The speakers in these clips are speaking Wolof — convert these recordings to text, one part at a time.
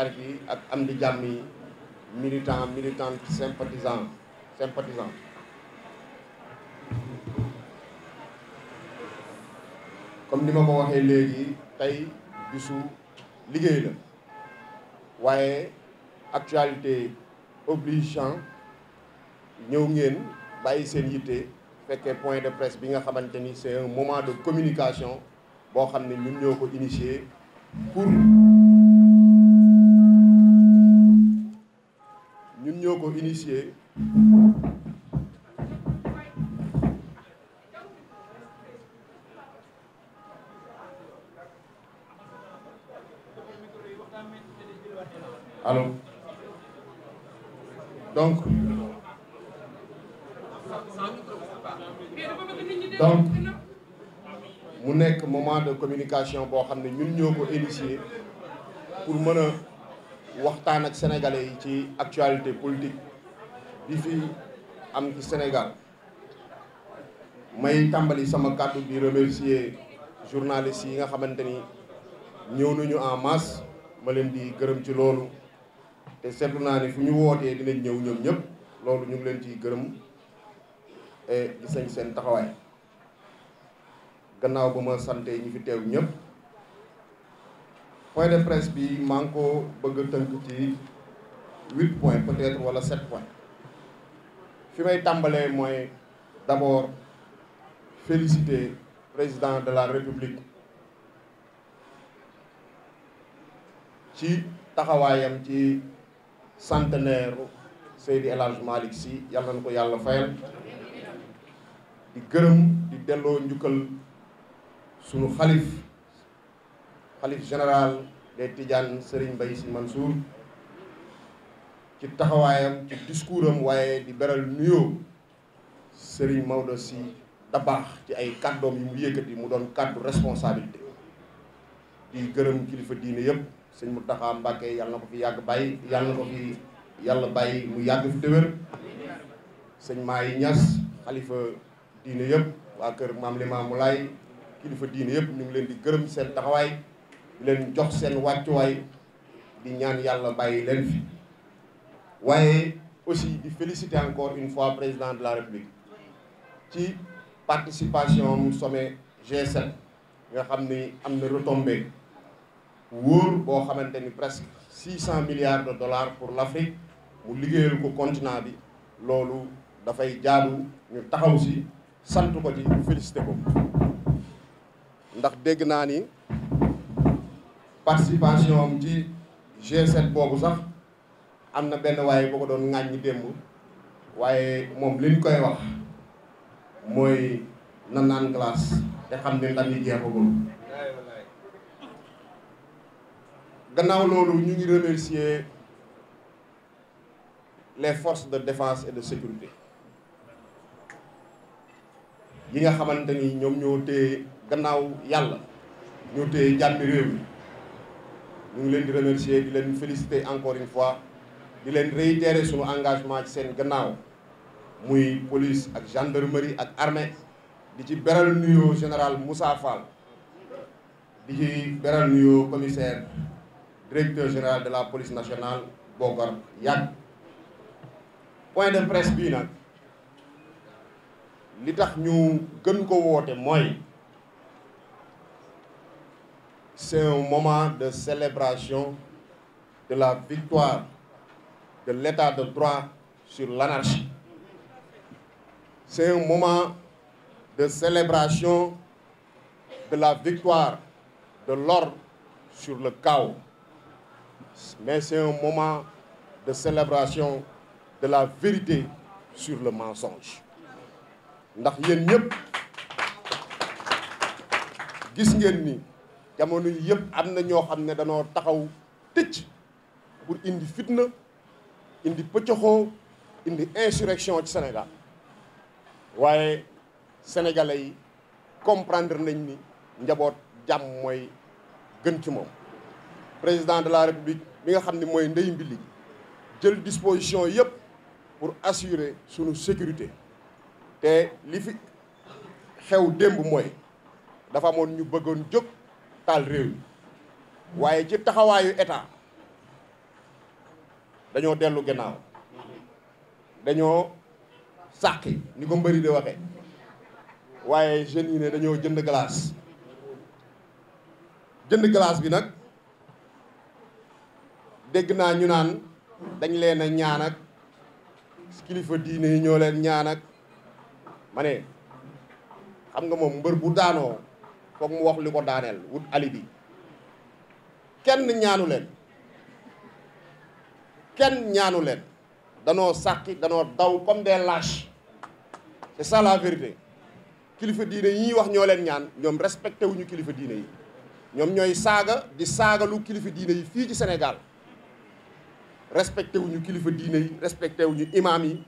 xarit ak am di jàmm yi militant militant sympathisant sympathisant comme ni ma ko waxee léegi tey bisu liggéey la waaye actualité obligeant ñëw ngeen bàyyi seen yitte fekkee point de presse bi nga xamante ni c'est un moment de communication boo xam ne ñun ñoo ko initié pour ñoo ko initié alors donc donc mu nekk moment de communication boo xam ne ñun ñoo ko initié pour mën a waxtaan ak sénégalais yi ci actualité politique bi fi am ci Sénégal may tàmbali sama kàddu di remercier journalistes yi nga xamante ni ñëw nañu en masse ma leen di gërëm ci loolu te seetlu naa ni fu ñu wootee dinañ ñëw ñoom ñëpp loolu ñu ngi leen ciy gërëm et seen taxawaay gannaaw ba ma sante ñi fi teew ñëpp. point de presse bi maa ngi tënk ci huit point peut-être wala sept points fi may tàmbalee mooy d'abord féliciter président de la république ci taxawaayam ci centenaire Seydi El Hadji Malick Sy yàlla na ko yàlla fayal di gërëm di delloo njukkal sunu xalif xalif général des Tidiane Serigne Mbaye Sy Mansour ci taxawaayam ci discours am waaye di beral sëriñ Serigne Maodo si Dabakh ci ay kàddoom yi mu yëkkati mu doon kàddu responsabilité di gërëm kilifa diine yëpp sëñ Mountakha Mbacké yàlla na ko fi yàgg bàyyi yàlla na ko fi yàlla bàyyi mu yàgg fi déwér sëñ Maay Ñas xalifa diine yëpp waa kër maam Limaamu Laay kilifa diine yëpp ñu ngi leen di gërëm seen taxawaay di leen jox seen wàccuwaay di ñaan yàlla bàyyi leen fi waaye aussi di féliciter encore une fois président de la république ci participation mu some g nga xam ni am na retombée wóor boo xamante ni presque six cent milliards de dollars pour l'Afrique mu liggéeyal ko continent bi loolu dafay jaadu ñu taxaw si sant ko ci ñu féliciter ko ndax dégg naa ni participation am ci G7 boobu sax am na benn waaye boo ko doon ŋàññi démb waaye moom li ñu koy wax mooy nan naan classe te xam ne lan yi jeexagul gannaaw loolu ñu ngi remercier les forces de défense et de sécurité yi nga xamante ñoom ñoo téye gannaaw yàlla ñoo téye jàmmi réew mi ñu ngi leen di remercier di leen féliciter encore une fois di leen réitérer suñu engagement ci seen gannaaw muy police ak gendarmerie ak armée di ci beral nuyoo général Moussa Fall di ci beral nuyoo commissaire directeur général de la police nationale Bokar Yàgg point de presse bii nag li tax ñu gën ko woote mooy c'est un moment de célébration de la victoire de l'état de droit sur l'anarchie. C'est un moment de célébration de la victoire de l'ordre sur le chaos. Mais c'est un moment de célébration de la vérité sur le mensonge. ndax yéen ñëpp gis ngeen ni jamono yëpp am na ñoo xam ne danoo taxaw tëcc pour indi fitna indi pëccëxoo indi insurection ci Sénégal waaye sénégalais yi comprendre nañ ni njaboot jàmm mooy gën ci moom président de la république mi nga xam ni mooy ndey mbili jël disposition yëpp pour assurer sunu sécurité te li fi xew démb mooy dafa amoon ñu bëggoon jóg taal waaye ci taxawaayu dañoo dellu gannaaw dañoo sàqi ni waaye jeunes yi ne dañoo jënd glace jënd glace bi nag dégg naa ñu naan dañ leen a ñaan ak kilifa diine yi ñoo leen ñaan ak ma xam nga moom mbër bu daanoo foog mu wax li ko daaneel wut alibi kenn ñaanu leen kenn ñaanu leen danoo sàkki danoo daw comme des lâches c'est ça la vérité kilifa diine yi ñuy wax ñoo leen ñaan ñoom respecté wuñu kilifa diine yi ñoom ñooy saaga di saagalu kilifa diine yi fii ci senegal respecté wuñu kilifa diine yi respecté wuñu imaam yi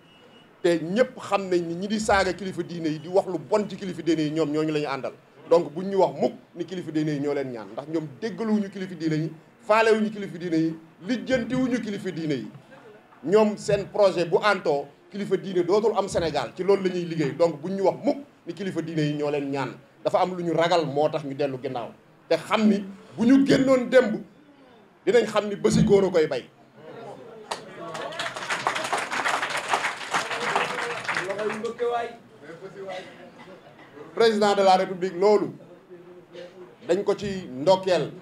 te ñëpp xam nañ ni ñi di saaga kilifa diine yi di wax lu bon ci kilifa diine yi ñoom ñooñu la ñu àndal donc buñ ñu wax mukk ni kilifa diine yi ñoo leen ñaan ndax ñoom déggaluwuñu kilifa diine yi faalewuñu kilifa diine yi lijjantiwuñu kilifa diine yi ñoom seen projet bu antoo kilifa diine dootul am senegal ci loolu lañuy liggéey donc buñ ñu wax mukk ni kilifa diine yi ñoo leen ñaan dafa am lu ñu ragal moo tax ñu dellu ginnaaw te xam ni bu ñu génnoon démb dinañ xam ni bési góor a koy bay président de la république loolu dañ ko ci ndokkeel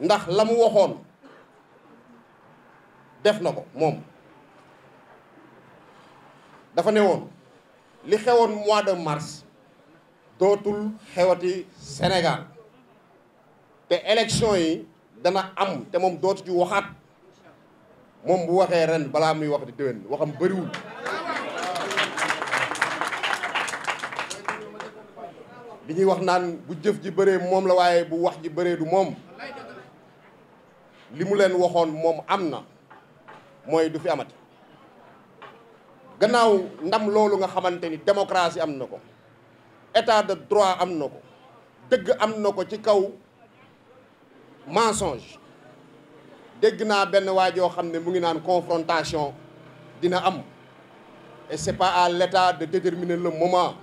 ndax la mu waxoon def na ko moom dafa ne woon li xewoon mois de mars dootul xewati Sénégal te élection yi dana am te moom dootu ci waxaat moom bu waxee ren balaa muy wax di déwén waxam bariwul bi ñuy wax naan bu jëf ji bëree moom la waaye bu wax ji bëreedu moom li mu leen waxoon moom am na mooy du fi amati gannaaw ndam loolu nga xamante ni démocratie am na ko état de droit am na ko dëgg am na ko ci kaw mensonge dégg naa benn waa joo xam ne mu ngi naan confrontation dina am et c'est pas à l'état de déterminer le moment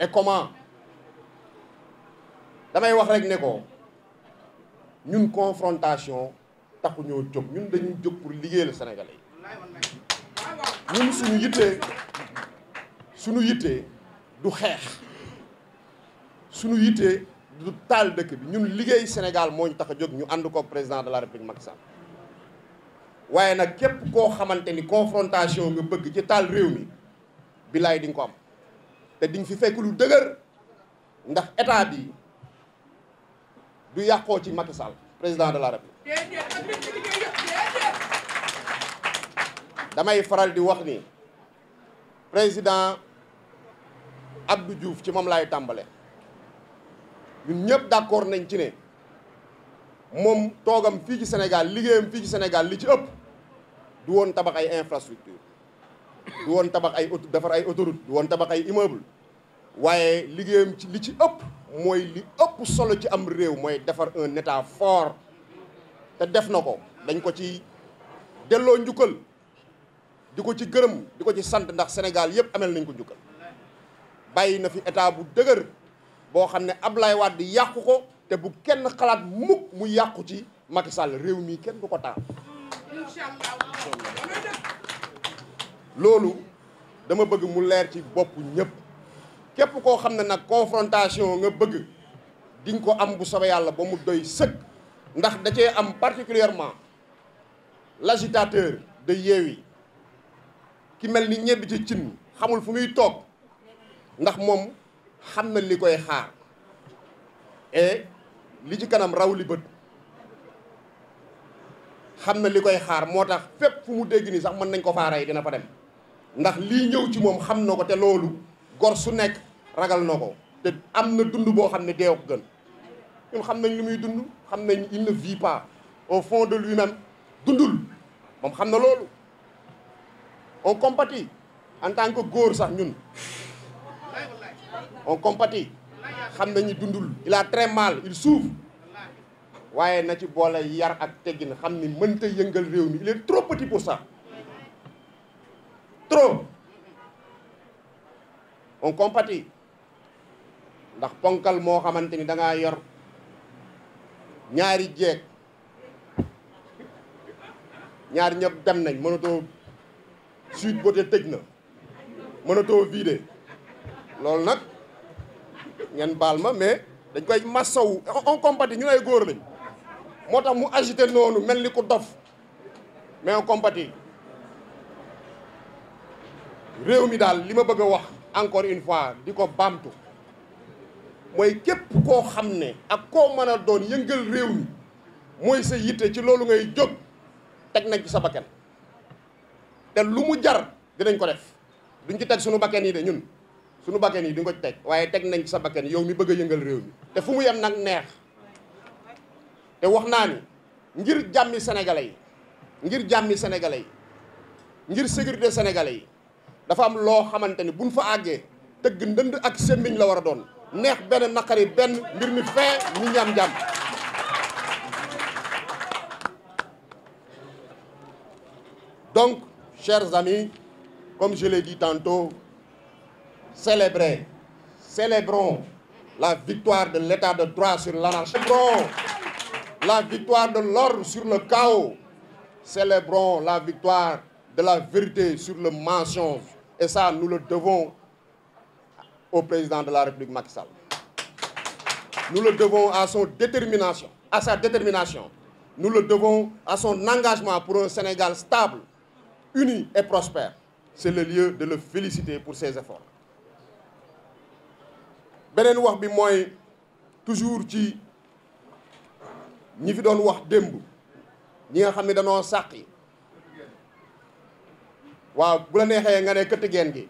et comment damay wax rek ne ko ñun confrontation taxu ñoo jóg ñun dañuy jóg pour liggéeyal Sénégalais yi ñun suñu yittee suñu yittee du xeex suñu yittee du taal dëkk bi ñun liggéey Sénégal moo ñu tax a jóg ñu ànd ko président de la République Macky Sall waaye nag képp koo xamante ni confrontation nga bëgg ci taal réew mi bilaay di ko am te di fi fekk lu dëgër ndax état bi du yàqoo ci Macky Sall président de la République damay faral di wax ni président Abdou Diouf ci moom laay tàmbale ñun ñëpp d'accord nañ ci ne moom toogam fii ci Sénégal liggéeyam fii ci Sénégal li ci ëpp du woon tabax ay infrastructure du woon tabax ay defar ay autoroute du woon tabax ay immeuble waaye liggéeyam ci li ci ëpp mooy li ëpp solo ci am réew mooy defar un état te def na ko dañ ko ci delloo njukkal di ko ci gërëm di ko ci sant ndax Sénégal yëpp amel nañ ko njukkal bàyyi na fi état bu dëgër boo xam ne Ablaye Wade yàqu ko te bu kenn xalaat mukk mu yàqu ci Macky Sall réew mi kenn du ko taal loolu dama bëgg mu leer ci bopp ñëpp képp koo xam ne nag confrontation nga bëgg di nga ko am bu soobee yàlla ba mu doy sëkk ndax da cee am particulièrement l'agitateur da Yewwi ki mel ni ñebbi ci cin xamul fu muy toog ndax moom xam na li koy xaar et li ci kanam raw li bët xam na li koy xaar moo tax fépp fu mu dégg nii sax mën nañ ko faara rey dina fa dem ndax lii ñëw ci moom xam na ko te loolu gor su nekk ragal na ko te am na dund boo xam ne dee ko gën ñun xam nañ lu muy dund xam nañ il ne vit pas au fond de lui-même dundul moom xam na loolu on compatit en tant que góor sax ñun on compatit xam nañu dundul il a très mal il souffre waaye na ci boole yar ak teggin xam ni mënta yëngal réew mi il est trop petit pour sax trop on compatit ndax ponkal moo xamante ni da yor ñaari jeeg ñaari ñëpp dem nañ mënatoo suite boote tëj na mënatoo vidé loolu nag ngeen baal ma mais dañ koy massawu on compatit ñu ay góor lañ moo tax mu agité noonu mel ni ku dof mais on compatit réew mi daal li ma bëgg a wax encore une fois di ko baamtu mooy képp koo xam ne ak koo mën a doon yëngal réew mi mooy sa yitte ci loolu ngay jóg teg nañ ci sa bakkan te lu mu jar dinañ ko def duñ ci teg sunu bakkan yi de ñun sunu bakkan yi duñ ko teg waaye teg nañ ci sa bakkan yow mi bëgg a yëngal réew mi te fu mu yem nag neex te wax naa ni ngir jàmmi sénégalais yi ngir jàmmi sénégalais yi ngir sécurité sénégalais yi dafa am loo xamante ni buñ fa àggee tëgg ndënd ak semmiñ la war a doon neex benn naqari benn mbir mi fee ñu ñam jàmm donc chers amis comme je l'ai dit tantôt célébrez célébrons la victoire de l'état de droit sur l'anarchie célébrons la victoire de l'ordre sur le chaos célébrons la victoire de la vérité sur le mensonge Et ça, nous le devons au président de la République Macky Sall. Nous le devons à son détermination, à sa détermination. Nous le devons à son engagement pour un Sénégal stable, uni et prospère. C'est le lieu de le féliciter pour ses efforts. beneen wax bi mooy toujours ci ñi fi doon wax démb ñi nga xam ne danoo sàqi waaw bu la neexee nga ne këtt geen gi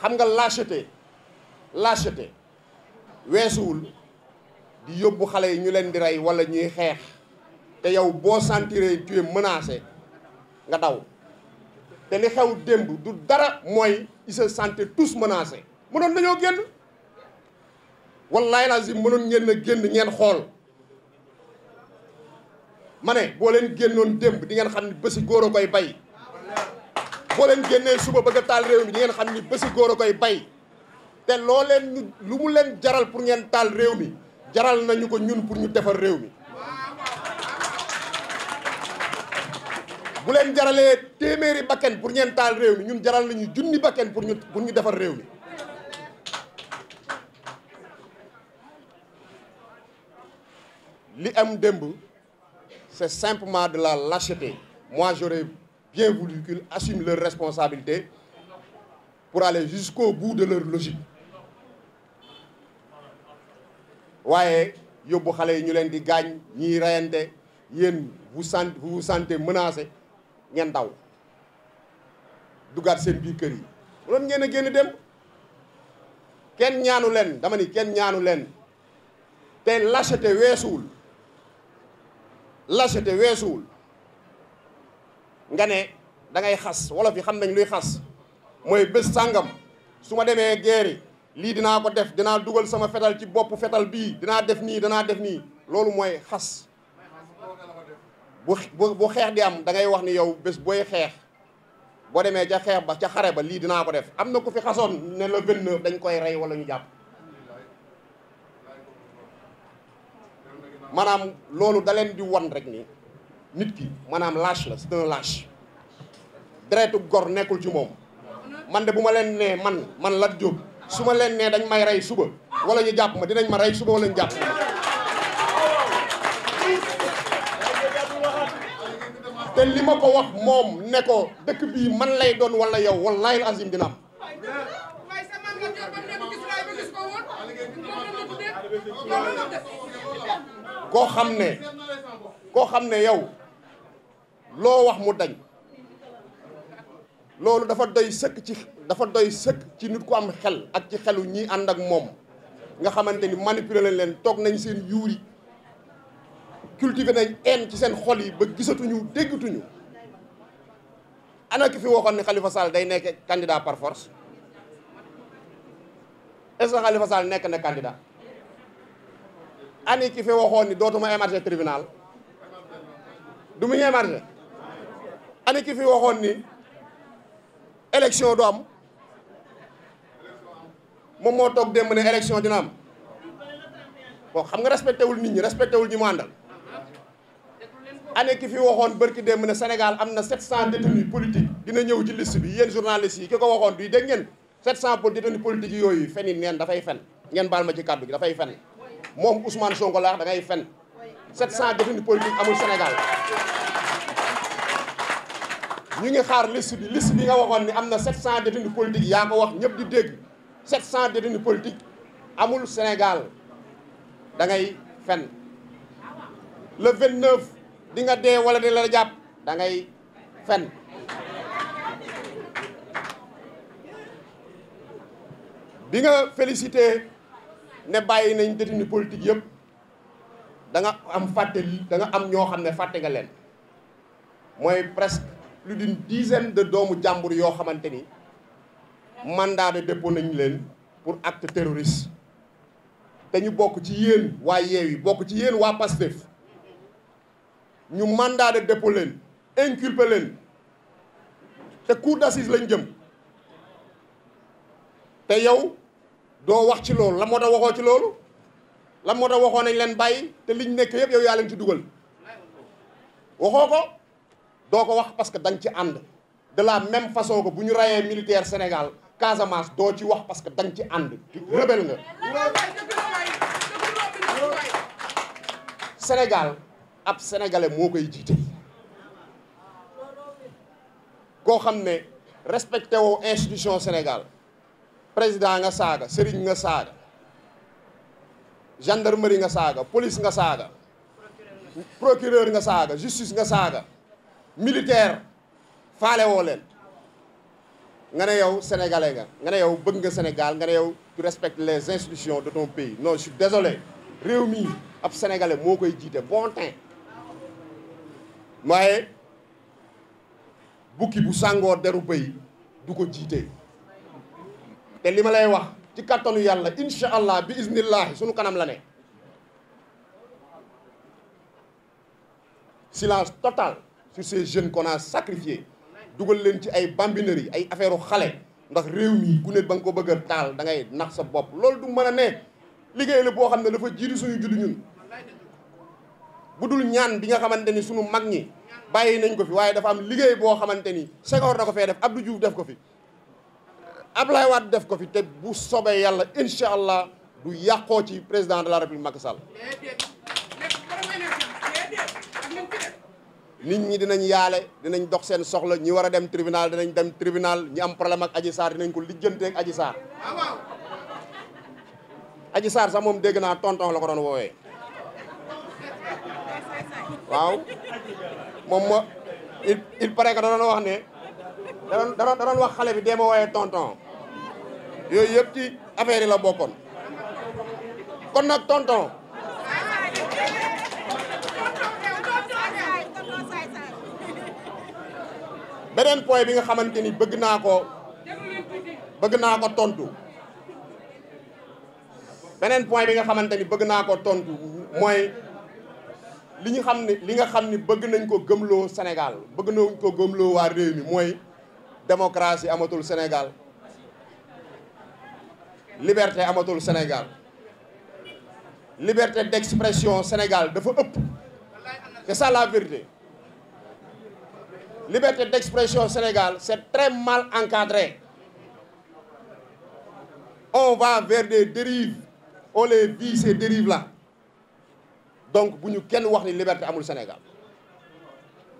xam nga lâcheté lâcheté weesuwul di yóbbu xale yi ñu leen di rey wala ñuy xeex te yow boo sentiré tu es nga daw te li xew démb du dara mooy ils se sentaient tous menacés mënoon nañoo génn wallaay lazim mënoon ngeen a génn ngeen xool ma ne boo leen génnoon démb di ngeen xam ni bési góor a koy bay boo leen génnee suba bëgg taal réew mi di ngeen xam ni bési góor a koy bay te loo leen ñu lu mu leen jaral pour ngeen taal réew mi jaral nañu ko ñun pour ñu defar réew mi bu leen jaralee téeméeri bakken pour ngeen taal réew mi ñun jaral nañu junni bakken pour ñu pour ñu defar réew mi li am démb c'est simplement de la lacheté mois j'aurais bien di qu'ils assument leurs responsabilités pour aller jusqu'au bout de leur logique. waaye yóbbu xale yi ñu leen di gaañ ñiy reyante yéen vous sent vous vous sentez ngeen daw dugaat seen biir kër yi loolu ngeen a génn dem kenn ñaanu leen dama ni kenn ñaanu leen te lacheté weesuwul lâcheté weesuwul nga ne dangay xas wolof yi xam nañ luy xas mooy bés sàngam su ma demee guerre lii dinaa ko def dinaa dugal sama fetal ci bopp fetal bii dinaa def nii danaa def nii loolu mooy xas bu xeex di am da ngay wax ni yow bés booy xeex boo demee ca xeex ba ca xare ba lii dinaa ko def am na ko fi xasoon ne le 29 dañ koy rey wala ñu jàpp maanaam loolu daleen leen di wan rek ni nit ki maanaam lâche la c'est un lâche deretu gor nekkul ci moom man de bu ma leen nee man man Lat Diop su ma leen nee dañ may rey suba wala ñu jàpp ma dinañ ma rey suba wala ñu jàpp ma te li ma ko wax moom ne dëkk bii man lay doon wala yow wallahi la dina am koo xam ne koo xam ne yow loo wax mu dañ loolu dafa doy sëkk ci dafa doy sëkk ci nit ku am xel ak ci xelu ñi ànd ak moom nga xamante ni manipuler la leen toog nañ seen yuuri cultiver nañ haine ci seen xol yi ba gisatuñu déggatuñu ana ki fi waxoon ni Khalifa Sall day nekk candidat par force est-ce que Khalifa nekk na candidat ani ki fi waxoon ni dootuma émarger tribunal du mu ñu émarger ani ki fi waxoon ni élection du am moom moo toog démb ne élection dina am bon xam nga respecté wul nit ñi respecté wul ñi mu àndal année ki fi waxoon bërki démb ne Sénégal am na 700 détenus politiques dina ñëw ci liste bi yéen journalistes yi ki ko waxoon duy dégg ngeen 700 détenus politiques yooyu fen yi neen dafay fen ngeen baal ma ci kàddu gi dafay fen moom Ousmane Sonko laax da ngay fen 700 détenus politiques amul Sénégal ñu ngi xaar liste bi liste bi nga waxoon ni am na 700 détenus politiques yaa ko wax ñëpp di dégg 700 détenus politiques amul Sénégal da ngay fen le 29 di nga dee wala di la jàpp dangay ngay fen di nga félicité ne bàyyi nañ détenu politique yëpp da nga am fàtte danga am ñoo xam ne fàtte nga leen mooy presque plus d'une dizaine de doomu jàmbur yoo xamante ni mandat de dépôt nañ leen pour acte terroriste te ñu bokk ci yéen waa Yewwi bokk ci yéen waa Pastef ñu mandat de dépôt leen inculpé leen te cour d'assises lañ jëm te yow doo wax ci loolu la moo tax waxoo ci loolu la moo tax waxoo nañ leen bàyyi te liñ nekk yëpp yow yaa leen ci dugal waxoo ko doo ko wax parce que dañ ci ànd de la même façon ko bu ñu rayee militaire Sénégal Casamance doo ci wax parce que dañ ci ànd rebelle nga Sénégal ab sénégalais moo koy jiite koo xam ne respecté woo institution Sénégal président nga saaga sëriñ nga saaga gendarmerie nga saaga police nga saaga procureur nga saaga justice nga saaga militaire faale woo leen nga ne yow sénégalais nga nga ne yow bëgg nga Sénégal nga ne yow tu respectes les institutions de ton pays non je suis désolé réew mi ab sénégalais moo koy jiite bon temps bukki bu sàngoo daru bëy du ko jiite te li ma lay wax ci kàttanu yàlla incha allah bi iznillahi sunu kanam la ne silence total su ces jeunes qu'on a dugal leen ci ay bambinerie ay affaire u xale ndax réew mi ku ne ba nga ko bëgg taal dangay ngay nax sa bopp loolu du mën a ne liggéey la boo xam ne dafa jiitu suñu juddu ñun bu dul ñaan bi nga xamante ni suñu mag ñi bàyyi nañ ko fi waaye dafa am liggéey boo xamante ni Senghor da ko fee def Abdou Diouf def ko fi Ablaye Wade def ko fi te bu sobee yàlla incha allah du yàqoo ci président de la république Macky Sall nit ñi dinañ yaale dinañ dox seen soxla ñi war a dem tribunal dinañ dem tribunal ñi am problème ak Adji Sarr dinañ ko lijjantee ak Adji Sarr Adji Sarr sax moom dégg naa tonton la ko doon woowee waaw moom moo il il paraît que da doon wax ne da doon wax xale bi dee ma woowee tonton. yooyu yëpp ci affaire yi la bokkoon kon nag tonton beneen point bi nga xamante ni bëgg naa ko bëgg naa ko tontu beneen point bi nga xamante ni bëgg naa ko tontu mooy li ñu xam ne li nga xam ni bëgg nañ ko gëmloo Sénégal bëgg na nañ ko gëmloo waa réew mi mooy démocratie amatul senegal liberté amatul Sénégal liberté d'expression Sénégal dafa ëpp c'est ça la vérité liberté d'expression Sénégal c'est très mal encadré on va vers des dérives on les vit ces dérives la donc bu ñu kenn wax ni liberté amul Sénégal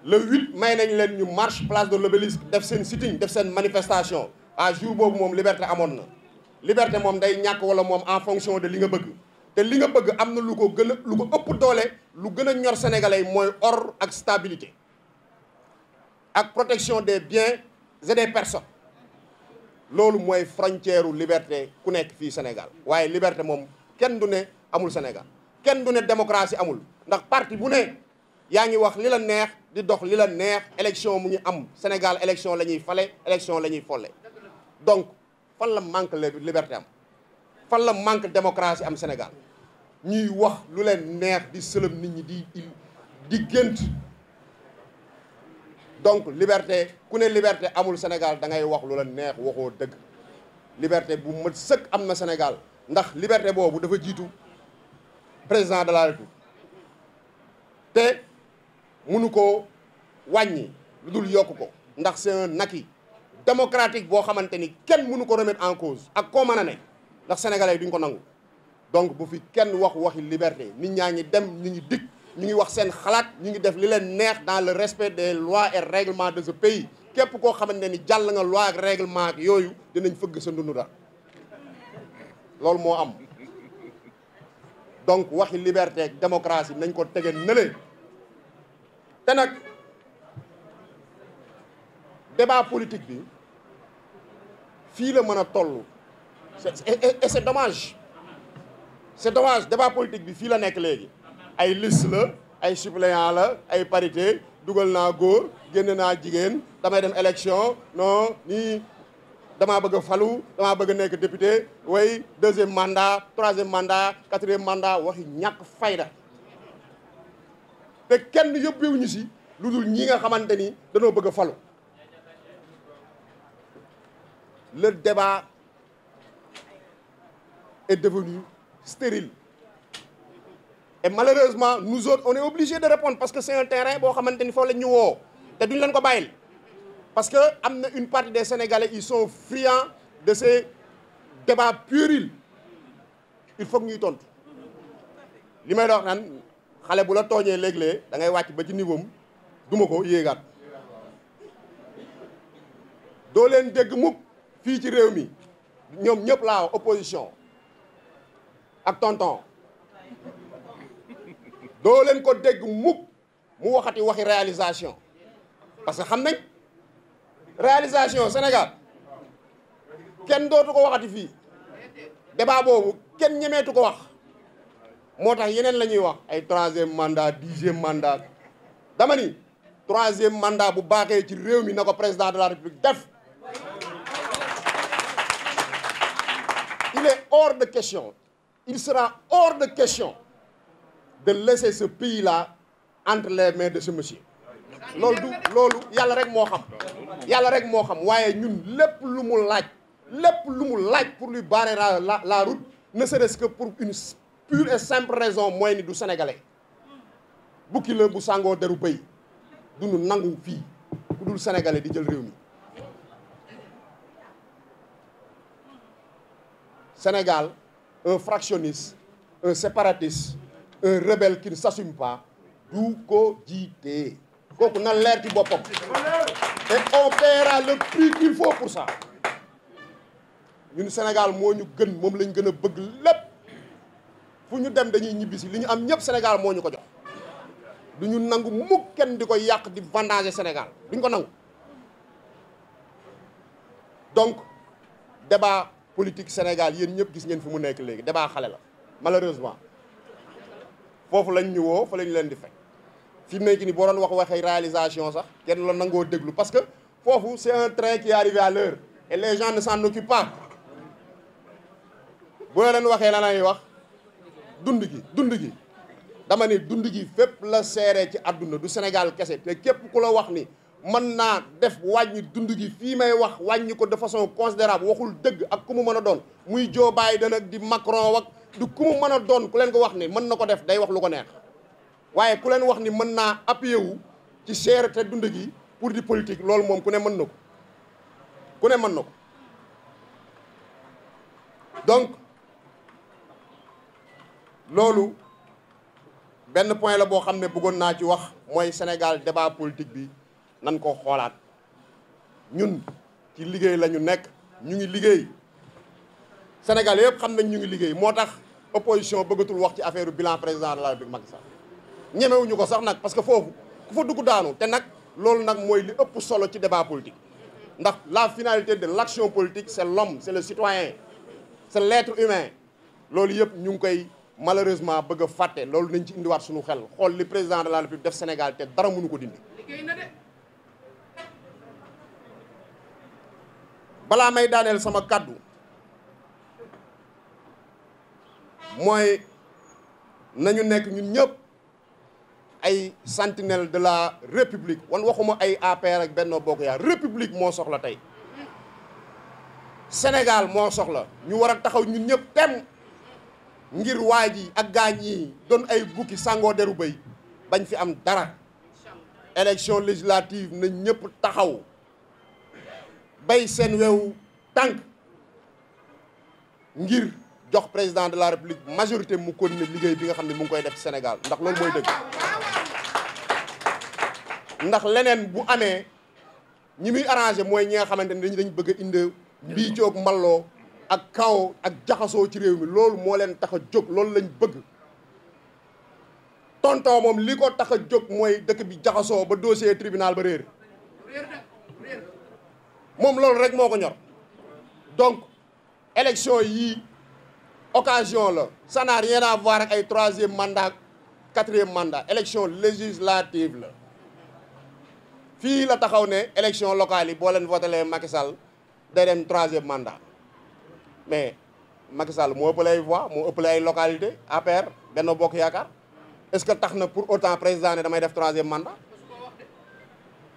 le 8 may nañ leen ñu marche place de l'obélisque def seen sitting def seen manifestation à jour boobu moom liberté amoon na liberté moom day ñàkk wala moom en fonction de li nga bëgg te li nga bëgg am na lu ko gën a lu ko ëpp doole lu gën a ñor sénégalais mooy ordre ak stabilité ak protection des biens et des personnes loolu mooy frontière liberté ku nekk fii Sénégal waaye liberté moom kenn du ne amul Sénégal kenn du ne démocratie amul ndax parti bu ne yaa ngi wax li la neex di dox li la neex élection mu ñu am Sénégal élection la ñuy fale élection la ñuy folle donc fan la manque liberté am fan la manque démocratie am Sénégal ñuy wax lu leen neex di sëlëm nit ñi di di gént donc liberté ku ne liberté amul Sénégal da ngay wax lu la neex waxoo dëgg liberté bu mat sëkk am na Sénégal ndax liberté boobu dafa jiitu président de la République te mënu ko wàññi lu dul yokk ko ndax c'est un démocratique boo xamante ni kenn mënu ko remettre en cause ak koo mana ne ndax sénégalais yi duñ ko nangu donc bu fi kenn wax waxi liberté nit ñaa ngi dem ñu ngi dikk ñu ngi wax seen xalaat ñu ngi def li leen neex dans le respect des loi et réglement de ce pays képp koo xamante ni jàll nga loi ak règlement ak yooyu dinañ fëgg sa ndundu daal loolu moo am donc waxi liberté ak démocratie nañ ko tege nële te nag débat politique bi fii la mën a tollu et c'est dommage c'est dommage débat politique bi fii la nekk léegi ay liste la ay suppléant la ay parité dugal naa góor génn naa jigéen damay dem élection non nii damaa bëgg falu damaa bëgg a nekk député way deuxième mandat troisième mandat quatrième mandat waxi ñàkk fayda te kenn yóbbeewuñu si lu dul ñi nga xamante ni danoo bëgg a falu le débat est devenu stérile et malheureusement nous autres on est obligé de répondre parce que c'est un terrain boo xamante ni foofu la ñu woo te duñ leen ko bàyyil parce que am na une partie des Sénégalais ils sont friands de ces débats puérils il faut que ñuy tontu li may doon wax naan xale bu la tooñee léeg-léeg da ngay wàcc ba ci niveau duma ko yéegaat doo leen dégg mukk fii ci réew mi ñoom ñëpp laa opposition ak tonton doo leen ko dégg muk mu waxati waxi réalisation parce que xam nañ réalisation Sénégal kenn dootu ko waxati fii débat boobu kenn ñemeetu ko wax moo tax yeneen la ñuy wax ay troisième mandat dixième mandat dama ni troisième mandat bu baaxee ci réew mi na ko président de la république def il est hors de question il sera hors de question de laisser ce pays-là entre les mains de ce monsieur loolu loolu yàlla rek moo xam yàlla rek moo xam waaye ñun lépp lu mu laaj lépp lu mu laaj pour lui barrer la la route ne serait-ce que pour une pure et simple raison mooy ni du sénégalais bukki la bu sàngoo deru bëy du nu nangu fii ku dul sénégalais di jël réew mi Sénégal un fractionniste un séparatiste un rebelle qui ne du ko jiite kooku na leer ci boppam et on paiera le prix qu'il faut pour ça ñun Sénégal moo ñu gën moom lañ gën a bëgg lépp fu ñu dem dañuy ñibbi si li ñu am ñëpp Sénégal moo ñu ko jox du ñu nangu mukk di ko yàq di vendanger Sénégal duñ ko nangu donc débat politique Sénégal yéen ñëpp gis ngeen fi mu nekk léegi débat xale la malheureusement foofu lañ ñu woo fa lañ leen di fekk fi mu nekk nii boo doon wax waxee réalisation sax kenn la nangoo déglu parce que foofu c'est un train qui arrive à l'heure et les gens ne s'en occupent pas bu leen waxee lan lay wax dund gi dund gi dama ne dund gi fépp la seere ci àdduna du Sénégal kese te képp ku la wax ni mën naa def wàññi dund gi fii may wax wàññi ko de façon considérable waxul dëgg ak ku mu mën a doon muy Joe Biden ak di Macron wak du ku mu mën a doon ku leen ko wax ni mën na ko def day wax lu ko neex waaye ku leen wax ni mën naa appuyer wu ci cherté dund gi pour di politique loolu moom ku ne mën na ko ku ne mën na ko donc loolu benn point la boo xam ne bëggoon naa ci wax mooy Sénégal débat politique bi nan ko xoolaat ñun ci liggéey la ñu nekk ñu ngi liggéey Sénégal yëpp xam nañ ñu ngi liggéey moo tax opposition bëggatul wax ci affaire bilan président de la République mag sax ñemewuñu ko sax nag parce que foofu ku fa dugg daanu te nag loolu nag mooy li ëpp solo ci débat politique ndax la finalité de l'action politique c'est l'homme c'est le citoyen c'est l'être humain loolu yëpp ñu ngi koy malheureusement bëgg a fàtte loolu nañ ci indiwaat suñu xel xool li président de la République def Sénégal te dara mënu ko dindi balaa may daaneel sama kàddu mooy nañu nekk ñun ñëpp ay sentinelle de la république wan waxuma ay APR ak Benno Bokk Yaakaar république moo soxla tey Sénégal moo soxla ñu war a taxaw ñun ñëpp tem ngir waa ji ak gaañ yi doon ay bukki sangoo deru béy bañ fi am dara élection législative na ñëpp taxaw bay seen wewu tànk ngir jox président de la république majorité mu continuer liggéey bi nga xam ne mu ngi koy def Sénégal ndax loolu mooy dëgg ndax leneen bu amee ñi muy arrangé mooy ñi nga xamante ne dañu dañ bëgg a indi mbii coog mballoo ak kaw ak jaxasoo ci réew mi loolu moo leen tax jóg loolu lañ bëgg tonton moom li ko tax a jóg mooy dëkk bi jaxasoo ba dossier tribunal ba réer moom loolu rek moo ko ñor donc élection yii occasion la ça n'a rien à voir ak ay troisième mandat quatrième mandat élection législative la fii la taxaw ne élection locale yi boo leen votelee Macky Sall day dem troisième mandat mais Macky moo ëppale ay voix moo ëppale ay localité APR Benno Bokk Yaakaar est-ce que tax na pour autant président ne damay def troisième mandat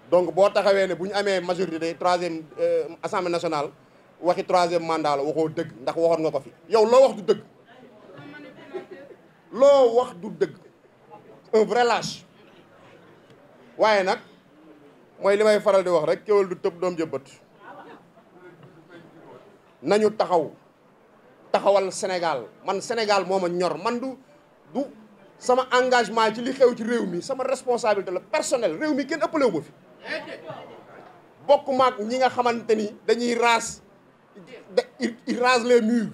donc boo taxawee ne bu ñu amee majorité troisième euh, assemblée nationale waxi troisième mandat la waxoo dëgg ndax waxoon nga ko fi yow loo wax du dëgg loo wax du dëgg un vrai lâche waaye nag mooy li may faral di wax rek kéwél du tëb doom jëbbat nañu taxaw taxawal Sénégal man Sénégal moom a ñor man du du sama engagement ci li xew ci réew mi sama responsabilité la personnel réew mi kenn ëppalewu ma fi bokk maag ñi nga xamante ni dañuy raas da raas les murs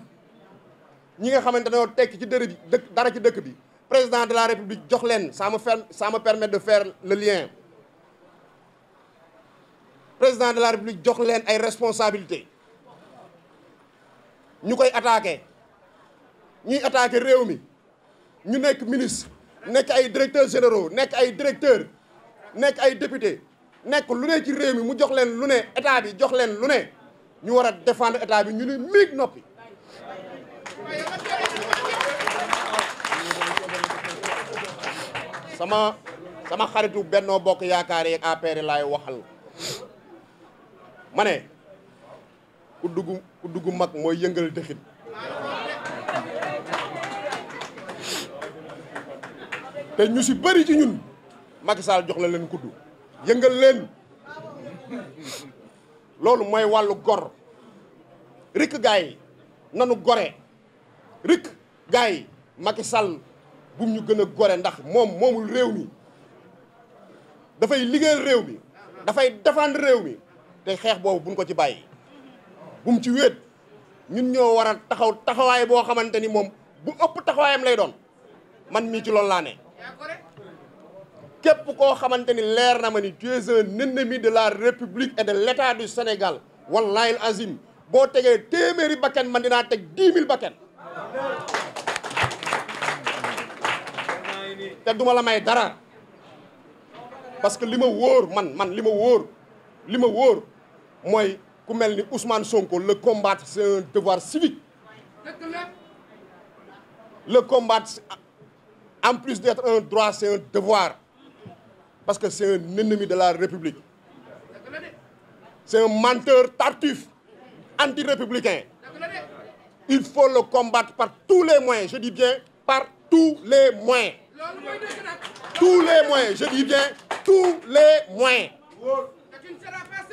ñi nga xamante dañoo tekki ci dërë bi dëkk dara ci dëkk bi président de la république jox leen ça me fait ça permet de faire le lien président de la république jox leen ay responsabilités ñu koy attaqué ñuy attaqué réew mi ñu nekk ministre nekk ay directeurs généraux nekk ay directeurs nekk ay députés nekk lu ne ci réew mi mu jox leen lu ne état bi jox leen lu ne ñu war a défendre état bi ñu ni miig noppi sama sama xaritu Benno Bokk Yaakaar yi APR lay waxal ma ne ku dugg mag mooy yëngal dëxin te ñu si bari ci ñun Macky Sall jox la leen kuddu yëngal leen loolu mooy wàllu gor rikk gars yi nanu gore rikk gars yi Macky Sall bum ñu gën a gore ndax moom moomul réew mi dafay liggéeyal réew mi dafay défendre réew mi te xeex boobu buñ ko ci bàyyi bum ci wéet ñun ñoo war a taxaw taxawaay boo xamante ni moom bu ëpp taxawaayam lay doon man mii ci loolu laa ne képp koo xamante ni leer na ma ni tu es un ennemi de la république et de l' état du Sénégal wallahi al boo tegee téeméeri bakken man dinaa teg dix mille bakken te duma la may dara parce que li ma wóor man man li ma wóor li ma wóor mooy ku mel ni Ousmane Sonko le combat c' un devoir civique le combat en plus d' être un droit c' un devoir parce que c'est un ennemi de la République c'est un menteur tartuffe anti-républicain il faut le combattre par tous les moyens je dis bien par tous les moyens tous les je les moyens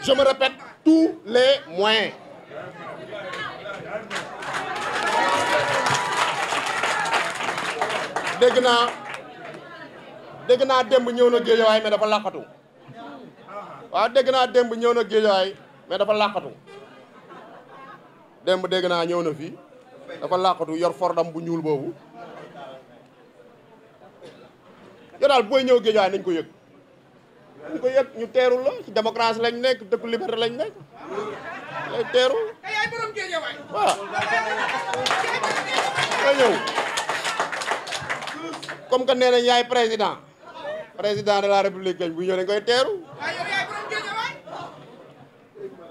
je me répète tous les moyens dégg naa démb ñëw na géejawaay mais dafa làqatu waaw dégg naa démb ñëw na géejawaay mais dafa làqatu démb dégg naa ñëw na fii dafa làqatu yor fordam bu ñuul boobu yow daal booy ñëw géejawaay nañ ko yëg ñu ko yëg ñu teeru la ci lañ nekk dëkku liberté lañ nekk lay teeru waaw ñëw comme que nee nañ yaay président président de la république kañ bu ñëw dañ koy teeru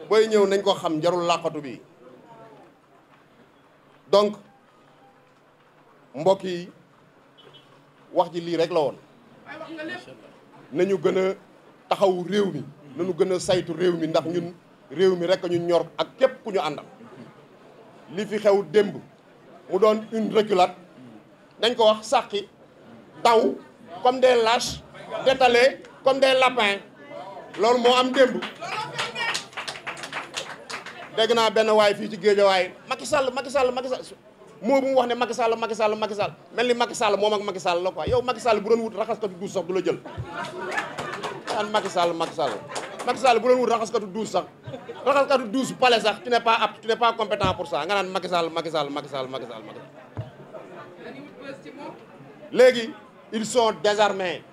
booy ñëw nañ ko xam jarul làqatu bi donc mbokk yi wax ji lii rek la woon nañu gën a taxaw réew mi nañu gën a saytu réew mi ndax ñun réew mi rek ñu ñor ak képp ku ñu àndal li fi xew démb mu doon une reculade dañ ko wax sàqi daw comme des lâches détalés comme des lapins loolu moo am démb dégg naa benn waay fii ci géejawaay Macky Sall Macky Sall Macky Sall moo mu wax ne Macky Sall Macky Sall Macky mel ni Macky Sall moom ak Macky Sall la quoi yow Macky Sall bu doon wut raxaskatu douze sax du la jël daan Macky Sall Macky Sall Macky Sall bu doon wut raxaskatu douze sax raxaskatu douze palais sax tu n'es pas apte compétent pour ça nga naan Macky Sall Macky Sall Macky Sall Macky léegi ils sont désarmés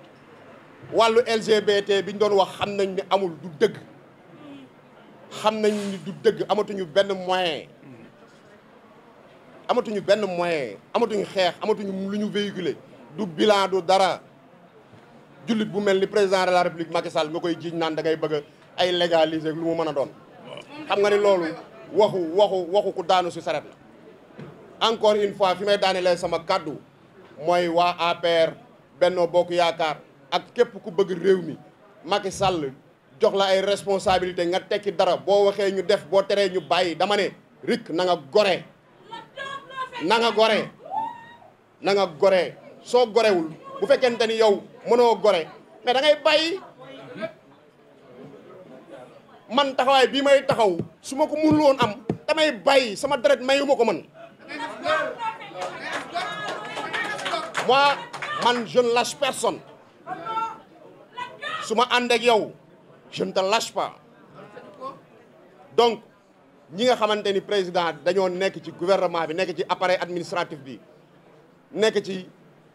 wàllu LGBT bi ñu doon wax xam nañ ni amul du dëgg xam nañ ni du dëgg amatuñu benn moyen amatuñu benn moyen amatuñu xeex amatuñu lu ñu véhiculer du bilan du dara jullit bu mel ni président de la république Macky Sall nga koy jiiñ naan dangay bëgg ay légaliser lu mu mën a doon xam nga ni loolu waxu waxu waxu ku daanu si saret la encore une fois fi may daane lay sama kàddu mooy waa APR Benno Bokk Yaakaar ak képp ku bëgg réew mi Macky Sall jox la ay responsabilité nga tekki dara boo waxee ñu def boo teree ñu bàyyi dama ne rik nanga gore goree na nga goree na nga soo gorewul bu fekkente ni yow mënoo gore mais dangay bàyyi man taxawaay bii may taxaw su ma ko mënul woon am damay bàyyi sama deret mayu ma ko man moi man je ne lâche su ma ànd yow je ne te lâche pas donc ñi nga xamante ni président dañoo nekk ci gouvernement bi nekk ci appareil administratif bi nekk ci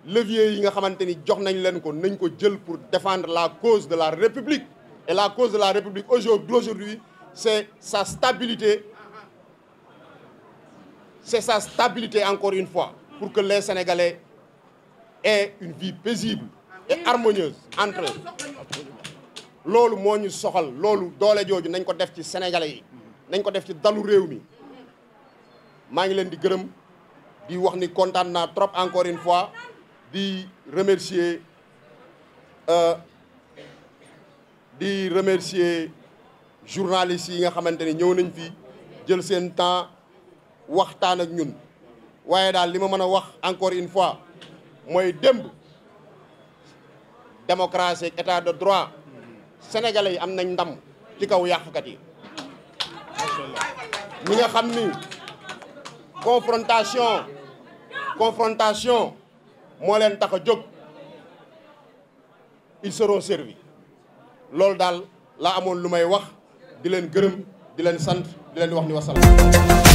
levier yi nga xamante ni jox nañ leen ko nañ ko jël pour défendre la cause de la république et la cause de la république aujourd'hui aujourd'hui c'est sa stabilité c'est sa stabilité encore une fois pour que les Sénégalais aient une vie paisible et harmonieuse entre loolu moo ñu soxal loolu doole jooju nañ ko def ci sénégalais yi nañ ko def ci dalu réew mi maa ngi leen di gërëm di wax ni kontaan naa trop encore une fois di remercier euh, di remercier journalistes yi nga xamante ni ñëw nañ fi jël seen temps waxtaan ak ñun waaye daal li ma mën a wax encore une fois mooy démb démocratie ak état de droit sénégalais yi am nañ ndam ci kaw yàqkat yi ñi nga xam ni confrontation confrontation moo leen tax a jóg ils seront servis loolu daal laa amoon lu may wax di leen gërëm di leen sant di leen wax ni wasalaam